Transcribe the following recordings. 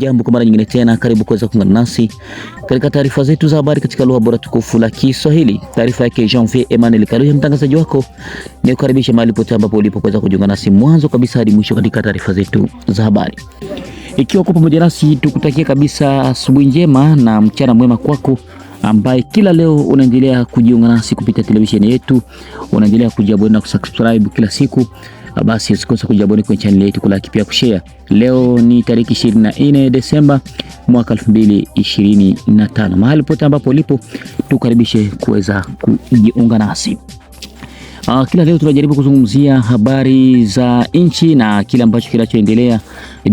Jambo kwa mara nyingine tena, karibu kuweza kuungana nasi katika taarifa zetu za habari katika lugha bora tukufu la Kiswahili. Taarifa yake Jean-Vie Emmanuel Karuya, mtangazaji wako nikukaribisha mahali pote ambapo ulipo kuweza kujiunga nasi mwanzo kabisa hadi mwisho katika taarifa zetu za habari. Ikiwa uko pamoja nasi, tukutakia kabisa asubuhi njema na mchana mwema kwako ambaye kila leo unaendelea kujiunga nasi kupitia televisheni yetu, unaendelea kujiabonea na kusubscribe kila siku basi usikose kujaboni kwenye channel yetu kula kipia kushare. Leo ni tariki 24 Desemba mwaka 2025. Mahali pote ambapo ulipo tukaribishe kuweza kujiunga nasi. Ah, kila leo tunajaribu kuzungumzia habari za nchi na kile ambacho kinachoendelea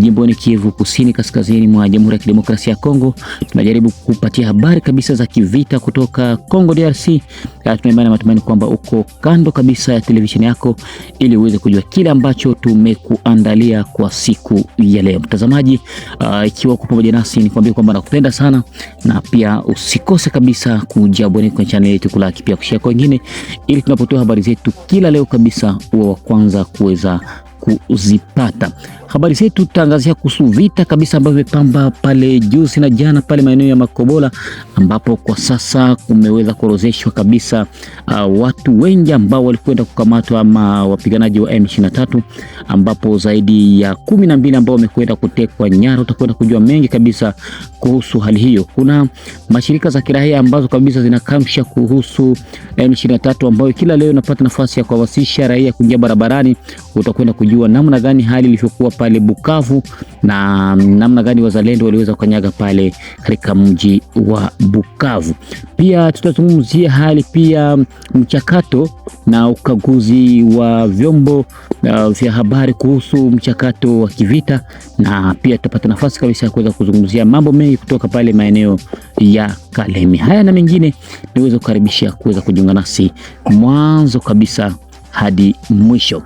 jimboni Kivu Kusini, kaskazini mwa Jamhuri ya Kidemokrasia ya Kongo. Tunajaribu kupatia habari kabisa za kivita kutoka Kongo DRC. Tunaimani na matumaini kwamba uko kando kabisa ya televisheni yako ili uweze kujua kile ambacho tumekuandalia kwa siku ya leo. Mtazamaji, uh, ikiwa uko pamoja nasi nikwambie kwamba nakupenda sana na pia usikose kabisa kujiabone kwenye channel yetu Kulaki, pia kushare kwa wengine, ili tunapotoa habari zetu kila leo kabisa uwe wa kwanza kuweza kuzipata. Habari zetu tutaangazia kuhusu vita kabisa ambavyo vimepamba pale juzi na jana pale maeneo ya Makobola, ambapo kwa sasa kumeweza kuorozeshwa kabisa uh, watu wengi ambao walikwenda kukamatwa ama wapiganaji wa M23, ambapo zaidi ya kumi na mbili ambao wamekwenda kutekwa nyara. Utakwenda kujua mengi kabisa kuhusu hali hiyo. Kuna mashirika za kiraia ambazo kabisa zinakamsha kuhusu M23 ambayo kila leo inapata nafasi ya kuhamasisha raia kuingia barabarani. Utakwenda kujua kujua namna gani hali ilivyokuwa pale Bukavu na namna gani wazalendo waliweza kukanyaga pale katika mji wa Bukavu. Pia tutazungumzia hali pia mchakato na ukaguzi wa vyombo uh, vya habari kuhusu mchakato wa kivita, na pia tutapata nafasi kabisa ya kuweza kuzungumzia mambo mengi kutoka pale maeneo ya Kalemi. Haya na mengine niweze kukaribisha kuweza kujiunga nasi mwanzo kabisa hadi mwisho.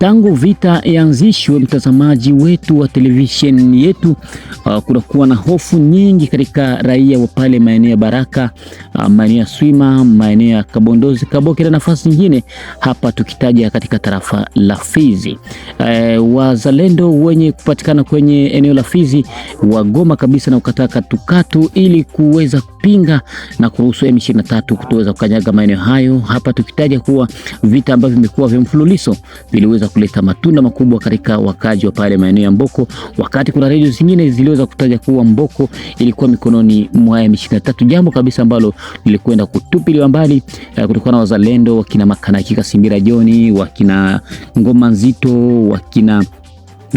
Tangu vita ianzishwe, mtazamaji wetu wa televisheni yetu, uh, kunakuwa na hofu nyingi katika raia wa pale maeneo ya Baraka Ah, maeneo ya Swima, maeneo ya Kabondozi, Kaboke na nafasi nyingine hapa tukitaja katika tarafa la Fizi. E, wazalendo wenye kupatikana kwenye eneo la Fizi wagoma kabisa na kukataa katukatu ili kuweza kupinga na kuruhusu M23 kutoweza kukanyaga maeneo hayo, hapa tukitaja kuwa vita ambavyo vimekuwa vya mfululizo viliweza kuleta matunda makubwa katika wakaji wa pale maeneo ya Mboko, wakati kuna redio zingine ziliweza kutaja kuwa Mboko ilikuwa mikononi mwa M23, jambo kabisa ambalo lilikwenda kutupiliwa mbali eh, kutokana na wazalendo wakina Makanakika Simbira Joni, wakina Ngoma Nzito, wakina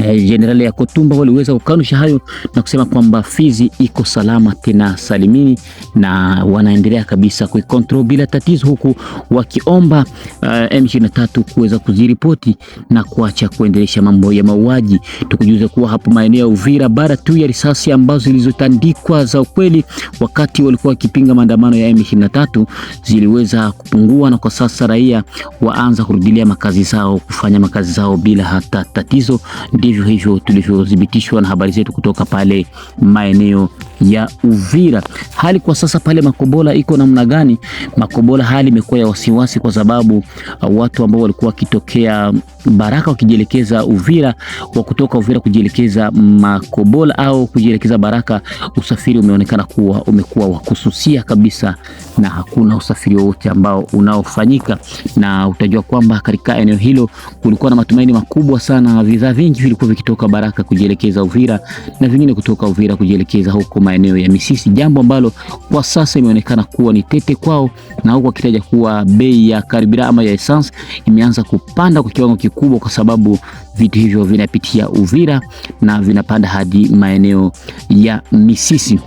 General eh, ya Kotumba waliweza kukanusha hayo na kusema kwamba Fizi iko salama tena salimini na wanaendelea kabisa kuikontrol bila tatizo, huku wakiomba uh, eh, M23 kuweza kuziripoti na kuacha kuendelesha mambo ya mauaji. Tukujuze kuwa hapo maeneo ya Uvira bara tu ya risasi ambazo zilizotandikwa za ukweli wakati walikuwa wakipinga maandamano ya M23 ziliweza kupungua, na kwa sasa raia waanza kurudilia makazi zao, kufanya makazi zao bila hata tatizo ndivyo hivyo tulivyothibitishwa na habari zetu kutoka pale maeneo ya Uvira. Hali kwa sasa pale Makobola iko namna gani? Makobola hali imekuwa ya wasiwasi kwa sababu uh, watu ambao walikuwa wakitokea Baraka wakijielekeza Uvira, wa kutoka Uvira kujielekeza Makobola au kujielekeza Baraka, usafiri umeonekana kuwa umekuwa wa kususia kabisa, na hakuna usafiri wowote ambao unaofanyika, na utajua kwamba katika eneo hilo kulikuwa na matumaini makubwa sana, na bidhaa vingi vilikuwa vikitoka Baraka kujielekeza Uvira na vingine kutoka Uvira kujielekeza huko maeneo ya Misisi, jambo ambalo kwa sasa imeonekana kuwa ni tete kwao, na huko akitaja kuwa bei ya karibira ama ya essence imeanza kupanda kwa kiwango kikubwa, kwa sababu vitu hivyo vinapitia Uvira na vinapanda hadi maeneo ya Misisi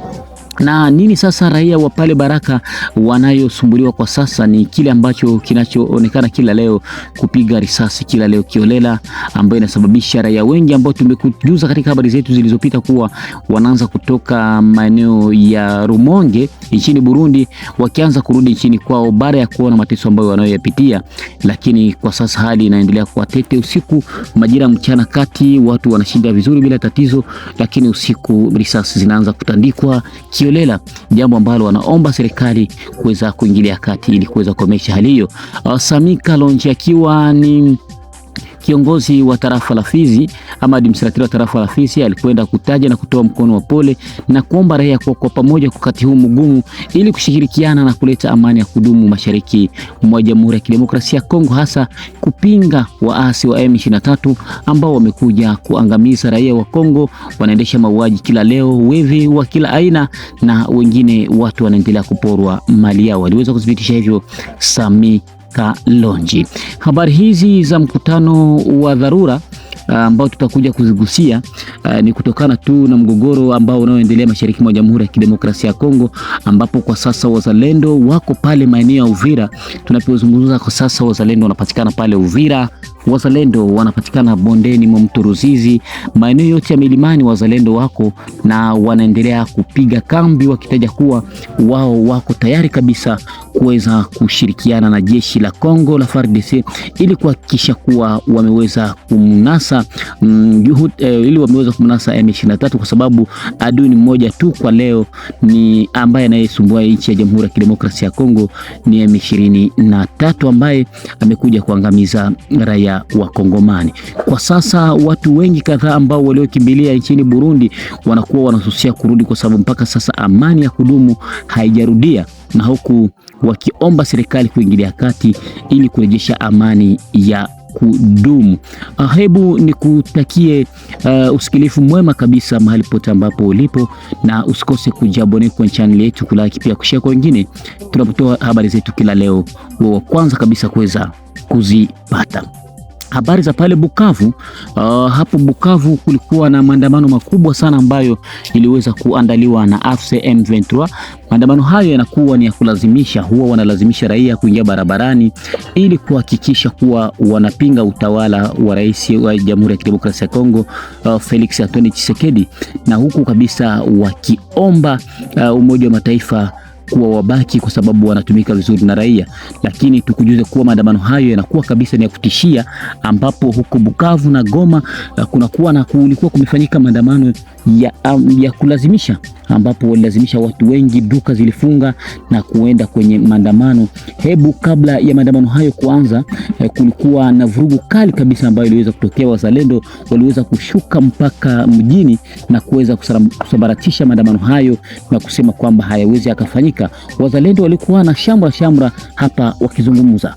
na nini sasa, raia wa pale Baraka wanayosumbuliwa kwa sasa ni kile ambacho kinachoonekana kila leo kupiga risasi kila leo kiolela, ambayo inasababisha raia wengi ambao tumekujuza katika habari zetu zilizopita kuwa wanaanza kutoka maeneo ya Rumonge nchini Burundi, wakianza kurudi nchini kwao baada ya kuona mateso ambayo wanayoyapitia. Lakini kwa sasa hali inaendelea kuwa tete. Usiku, majira mchana kati, watu wanashinda vizuri bila tatizo, lakini usiku risasi zinaanza kutandikwa kio kiolela, jambo ambalo wanaomba serikali kuweza kuingilia kati ili kuweza kukomesha hali hiyo. Ah, Sami Kalonji akiwa ni Kiongozi wa tarafa la Fizi ama administrator wa tarafa la Fizi alikwenda kutaja na kutoa mkono wa pole na kuomba raia kwa, kwa pamoja wakati huu mgumu ili kushirikiana na kuleta amani ya kudumu mashariki mwa Jamhuri ya Kidemokrasia ya Kongo, hasa kupinga waasi wa M23 ambao wamekuja kuangamiza raia wa Kongo, wanaendesha mauaji kila leo, wevi wa kila aina, na wengine watu wanaendelea kuporwa mali yao. waliweza kuthibitisha hivyo Sami lonji Habari hizi za mkutano wa dharura uh, ambao tutakuja kuzigusia uh, ni kutokana tu na mgogoro ambao unaoendelea mashariki mwa Jamhuri ya Kidemokrasia ya Kongo, ambapo kwa sasa wazalendo wako pale maeneo ya Uvira. Tunapozungumza kwa sasa, wazalendo wanapatikana pale Uvira Wazalendo wanapatikana bondeni mwa mto Ruzizi, maeneo yote ya milimani. Wazalendo wako na wanaendelea kupiga kambi, wakitaja kuwa wao wako tayari kabisa kuweza kushirikiana na jeshi la Kongo la FARDC ili kuhakikisha kuwa wameweza kumnasa mm, eh, ili wameweza kumnasa M23 kwa sababu adui ni mmoja tu kwa leo ni ambaye anayesumbua nchi ya Jamhuri ya Kidemokrasia ya Kongo ni M23 ambaye amekuja kuangamiza raia Wakongomani. Kwa sasa watu wengi kadhaa ambao waliokimbilia nchini Burundi wanakuwa wanasusia kurudi, kwa sababu mpaka sasa amani ya kudumu haijarudia, na huku wakiomba serikali kuingilia kati ili kurejesha amani ya kudumu. Ah, hebu nikutakie uh, usikilifu mwema kabisa mahali pote ambapo ulipo, na usikose kujabone kwenye channel yetu, kulaki pia kushare kwa wengine, tunapotoa habari zetu kila leo, wa kwanza kabisa kuweza kuzipata habari za pale Bukavu. Uh, hapo Bukavu kulikuwa na maandamano makubwa sana ambayo iliweza kuandaliwa na AFC M23. Maandamano hayo yanakuwa ni ya kulazimisha, huwa wanalazimisha raia kuingia barabarani ili kuhakikisha kuwa wanapinga utawala wa rais wa Jamhuri ya Kidemokrasia ya Kongo uh, Felix Antoine Tshisekedi, na huku kabisa wakiomba uh, Umoja wa Mataifa kuwa wabaki kwa sababu wanatumika vizuri na raia, lakini tukujuze kuwa maandamano hayo yanakuwa kabisa ni ya kutishia, ambapo huko Bukavu na Goma eh, kunakuwa na kulikuwa kumefanyika maandamano ya, um, ya kulazimisha ambapo walilazimisha watu wengi, duka zilifunga na kuenda kwenye maandamano. Hebu kabla ya maandamano hayo kuanza, eh, kulikuwa na vurugu kali kabisa ambayo iliweza kutokea. Wazalendo waliweza kushuka mpaka mjini na kuweza kusambaratisha maandamano hayo na kusema kwamba hayawezi akafanyika. Wazalendo walikuwa na shamra shamra hapa wakizungumza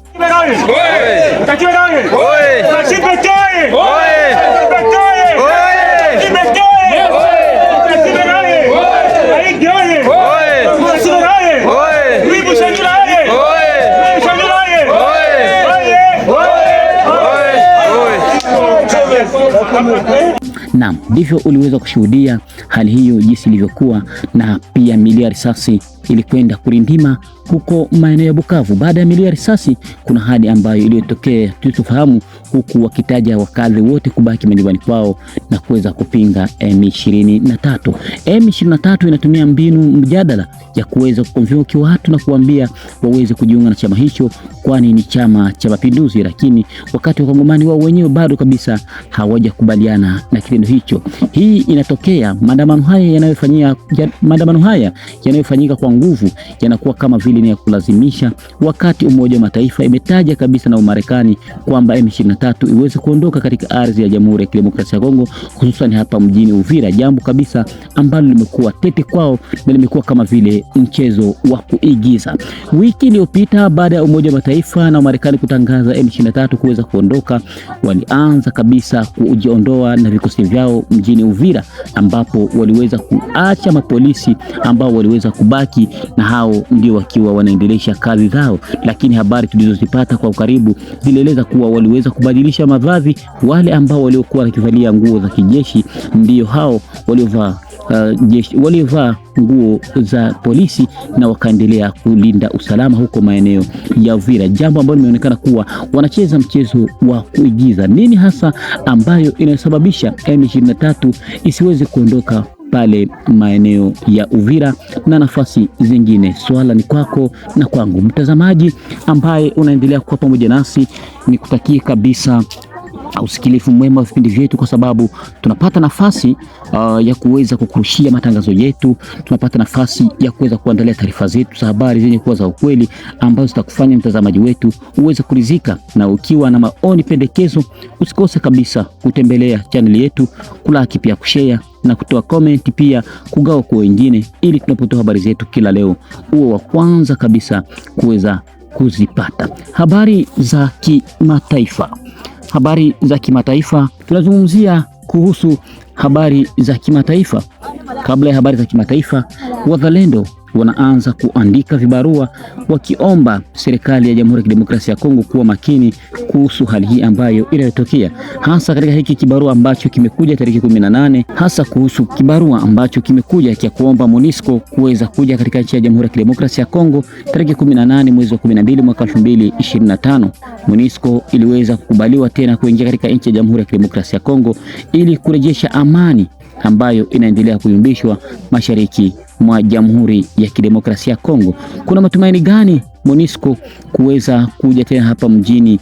Naam, ndivyo uliweza kushuhudia hali hiyo jinsi ilivyokuwa, na pia milio ya risasi ilikwenda kulindima huko maeneo ya Bukavu. Baada ya milio ya risasi, kuna hali ambayo iliyotokea tusifahamu, huku wakitaja wakazi wote kubaki majumbani kwao na kuweza kupinga M23. M23 inatumia mbinu mjadala ya kuweza kukonvoki watu na kuambia waweze kujiunga na chama hicho, kwani ni chama cha mapinduzi, lakini wakati wakongomani wao wenyewe bado kabisa hawajakubaliana na kitendo hicho. Hii inatokea maandamano haya yanayofanyika maandamano haya yanayofanyika kwa nguvu yanakuwa kama vile ni ya kulazimisha, wakati Umoja wa Mataifa imetaja kabisa na Umarekani kwamba M23 iweze kuondoka katika ardhi ya Jamhuri ya Kidemokrasia ya Kongo, hususan hapa mjini Uvira, jambo kabisa ambalo limekuwa tete kwao na limekuwa kama vile mchezo wa kuigiza. Wiki iliyopita baada ya Umoja wa Mataifa na Umarekani kutangaza M23 kuweza kuondoka, walianza kabisa kujiondoa na vikosi vyao mjini Uvira, ambapo waliweza kuacha mapolisi ambao waliweza kubaki na hao ndio wakiwa wanaendelesha kazi zao. Lakini habari tulizozipata kwa ukaribu zilieleza kuwa waliweza kubadilisha mavazi. Wale ambao waliokuwa wakivalia nguo za kijeshi ndio hao waliovaa Uh, jeshi waliovaa nguo za polisi na wakaendelea kulinda usalama huko maeneo ya Uvira, jambo ambalo limeonekana kuwa wanacheza mchezo wa kuigiza. Nini hasa ambayo inayosababisha M23 isiweze kuondoka pale maeneo ya Uvira na nafasi zingine. Swala ni kwako na kwangu, mtazamaji ambaye unaendelea kuwa pamoja nasi, nikutakie kabisa usikilifu mwema wa vipindi vyetu, kwa sababu tunapata nafasi uh, ya kuweza kukurushia matangazo yetu, tunapata nafasi ya kuweza kuandalia taarifa zetu za habari zenye kuwa za ukweli, ambazo zitakufanya mtazamaji wetu uweze kuridhika. Na ukiwa na maoni, pendekezo, usikose kabisa kutembelea chaneli yetu, kulaki pia kushare na kutoa comment pia kugawa kwa wengine, ili tunapotoa habari zetu kila leo uwe wa kwanza kabisa kuweza kuzipata. Habari za kimataifa habari za kimataifa. Tunazungumzia kuhusu habari za kimataifa. Kabla ya habari za kimataifa, wazalendo wanaanza kuandika vibarua wakiomba serikali ya Jamhuri ya Kidemokrasia ya Kongo kuwa makini kuhusu hali hii ambayo inayotokea, hasa katika hiki kibarua ambacho kimekuja tarehe 18, hasa kuhusu kibarua ambacho kimekuja cha kuomba MONUSCO kuweza kuja katika nchi ya Jamhuri ya Kidemokrasia ya Kongo tarehe 18 mwezi wa 12 mwaka 2025. MONUSCO iliweza kukubaliwa tena kuingia katika nchi ya Jamhuri ya Kidemokrasia ya Kongo ili kurejesha amani ambayo inaendelea kuyumbishwa mashariki mwa Jamhuri ya Kidemokrasia ya Kongo. Kuna matumaini gani Monisco kuweza kuja tena hapa mjini?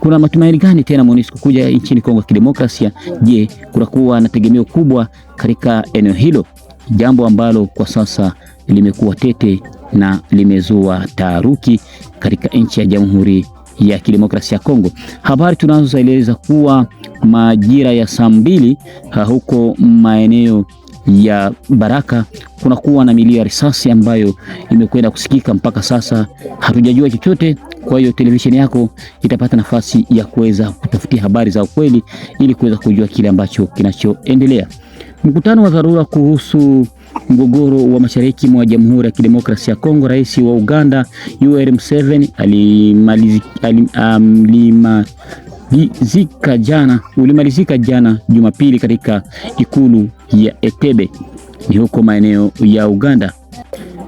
Kuna matumaini gani tena Monisco kuja nchini Kongo ya Kidemokrasia? Je, kutakuwa na tegemeo kubwa katika eneo hilo, jambo ambalo kwa sasa limekuwa tete na limezua taharuki katika nchi ya Jamhuri ya kidemokrasia ya Kongo. Habari tunazoeleza kuwa majira ya saa mbili huko maeneo ya Baraka kuna kuwa na milio ya risasi ambayo imekwenda kusikika mpaka sasa, hatujajua chochote. Kwa hiyo televisheni yako itapata nafasi ya kuweza kutafutia habari za ukweli ili kuweza kujua kile ambacho kinachoendelea. Mkutano wa dharura kuhusu mgogoro wa mashariki mwa Jamhuri ya Kidemokrasia ya Kongo, Rais wa Uganda Yoweri Museveni alimalizika jana ulimalizika jana Jumapili katika ikulu ya Entebbe ni huko maeneo ya Uganda.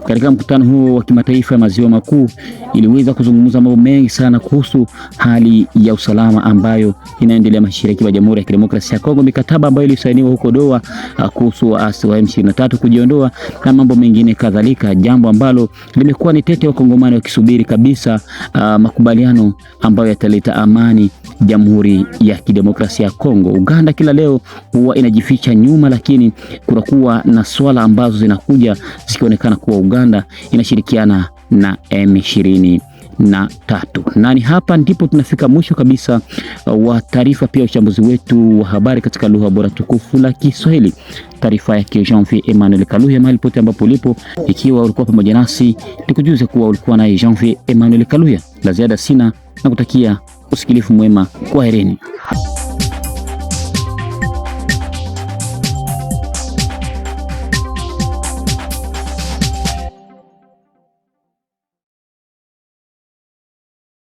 Katika mkutano huo wa kimataifa ya maziwa makuu iliweza kuzungumza mambo mengi sana kuhusu hali ya usalama ambayo inaendelea mashariki mwa Jamhuri ya Kidemokrasia ya Kongo, mikataba ambayo ilisainiwa huko Doha ah, kuhusu waasi wa M23 kujiondoa na mambo mengine kadhalika, jambo ambalo limekuwa ni tete, wa kongomani wakisubiri kabisa uh, makubaliano ambayo yataleta amani Jamhuri ya Kidemokrasia ya Kongo. Uganda kila leo huwa inajificha nyuma, lakini kunakuwa na swala ambazo zinakuja zikionekana kuwa Uganda Uganda inashirikiana na M23 na tatu. Na ni hapa ndipo tunafika mwisho kabisa uh, wa taarifa pia uchambuzi wetu wa habari katika lugha bora tukufu la Kiswahili. Taarifa yake Jean-Vie Emmanuel Kaluya, mahali pote ambapo ulipo, ikiwa ulikuwa pamoja nasi, nikujuze kuwa ulikuwa naye Jean-Vie Emmanuel Kaluya. La ziada sina na kutakia usikilifu mwema. Kwaherini.